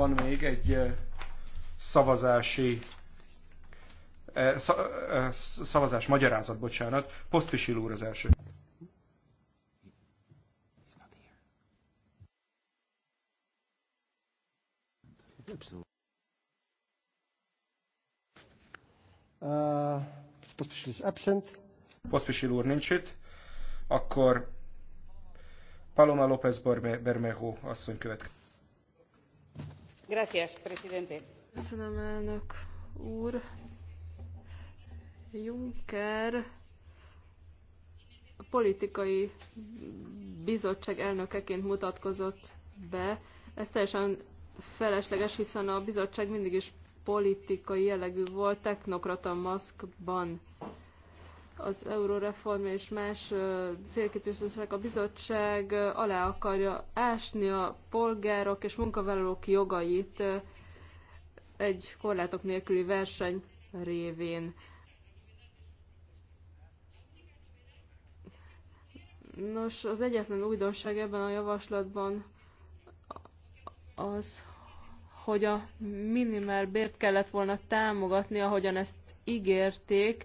van még egy eh, szavazási eh, eh, szavazás magyarázat, bocsánat. Posztvisil úr az első. Uh, is absent. úr nincs itt. Akkor Paloma López Bermejo asszony következik. Gracias, Köszönöm, elnök úr. Juncker politikai bizottság elnökeként mutatkozott be. Ez teljesen felesleges, hiszen a bizottság mindig is politikai jellegű volt technokrata maszkban az euróreform és más célkitűzések a bizottság alá akarja ásni a polgárok és munkavállalók jogait egy korlátok nélküli verseny révén. Nos, az egyetlen újdonság ebben a javaslatban az, hogy a minimál bért kellett volna támogatni, ahogyan ezt ígérték,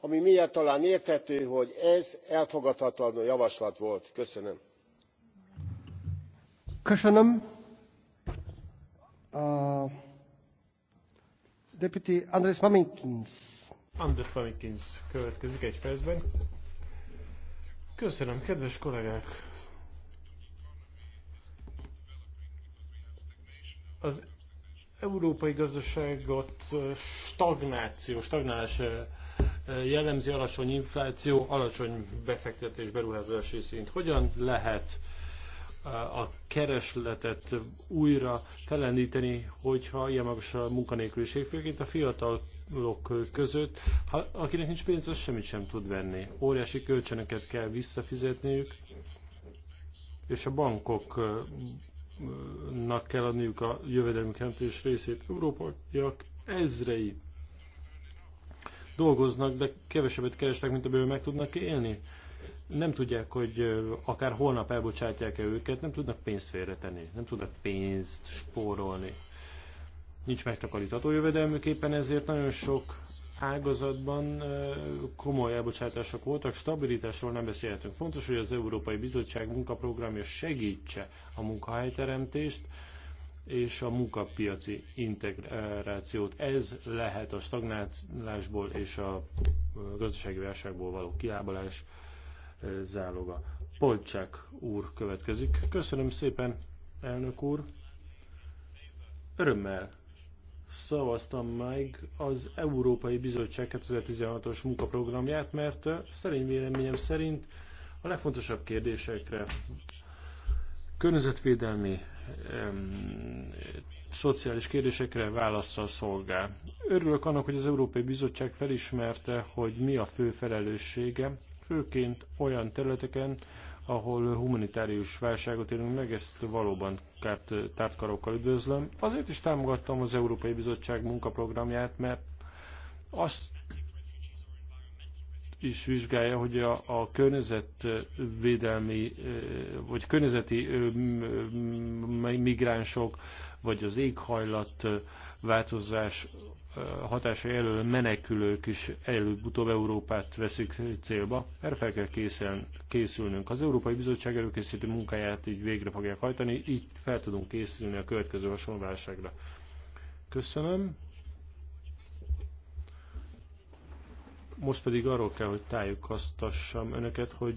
ami miatt talán érthető hogy ez elfogadhatatlan javaslat volt. köszönöm. köszönöm. Uh, Deputy Andres Mamikins. Andres Mamikins következik egy percben. Köszönöm, kedves kollégák! Az európai gazdaságot stagnáció, stagnálás jellemzi alacsony infláció, alacsony befektetés, beruházási szint. Hogyan lehet eh, a keresletet újra felendíteni, hogyha ilyen magas a munkanélküliség, főként a fiatalok között, ha, akinek nincs pénz, az semmit sem tud venni. Óriási kölcsönöket kell visszafizetniük, és a bankoknak kell adniuk a jövedelmi kentés részét. Európaiak ezrei dolgoznak, de kevesebbet keresnek, mint amiből meg tudnak élni. Nem tudják, hogy akár holnap elbocsátják-e őket, nem tudnak pénzt félretenni, nem tudnak pénzt spórolni. Nincs megtakarítható jövedelmük, éppen ezért nagyon sok ágazatban komoly elbocsátások voltak, stabilitásról nem beszélhetünk. Fontos, hogy az Európai Bizottság munkaprogramja segítse a munkahelyteremtést, és a munkapiaci integrációt. Ez lehet a stagnálásból és a gazdasági válságból való kiábalás záloga. Polcsák úr következik. Köszönöm szépen, elnök úr. Örömmel szavaztam meg az Európai Bizottság 2016-os munkaprogramját, mert szerint véleményem szerint a legfontosabb kérdésekre környezetvédelmi, szociális kérdésekre válaszsal szolgál. Örülök annak, hogy az Európai Bizottság felismerte, hogy mi a fő felelőssége, főként olyan területeken, ahol humanitárius válságot élünk meg, ezt valóban kárt, tártkarokkal üdvözlöm. Azért is támogattam az Európai Bizottság munkaprogramját, mert azt is vizsgálja, hogy a, a környezetvédelmi, vagy környezeti migránsok, vagy az éghajlat változás hatása elől menekülők is előbb-utóbb Európát veszik célba. Erre fel kell készen, készülnünk. Az Európai Bizottság előkészítő munkáját így végre fogják hajtani, így fel tudunk készülni a következő hasonló válságra. Köszönöm. Most pedig arról kell, hogy tájékoztassam önöket, hogy